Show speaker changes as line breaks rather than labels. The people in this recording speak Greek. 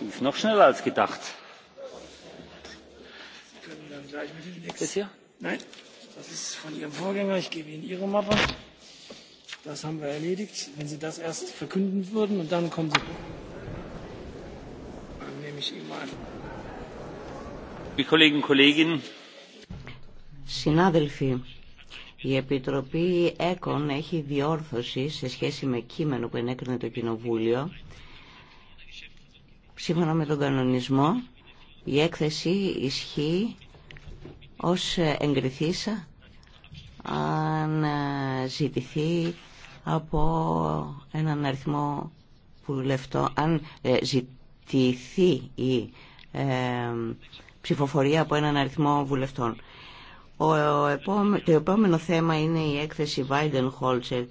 Die ist noch schneller als gedacht.
Das hier? Nein, das ist von Ihrem Vorgänger. Ich gebe Ihnen Ihre Mappe. Das haben wir erledigt. Wenn Sie das erst verkünden
würden und dann kommen Sie.
Dann nehme ich Ihnen an.
Die Kolleginnen und Kollegen.
Συνάδελφοι, η Επιτροπή ΕΚΟΝ έχει διόρθωση σε σχέση με κείμενο που ενέκρινε το Κοινοβούλιο Σύμφωνα με τον κανονισμό, η έκθεση ισχύει ως εγκριθήσα αν ζητηθεί από έναν αριθμό βουλευτών, αν ε, ζητηθεί η ε, ψηφοφορία από έναν αριθμό βουλευτών. το επόμενο θέμα είναι η έκθεση Βάιντεν Χόλτσερ,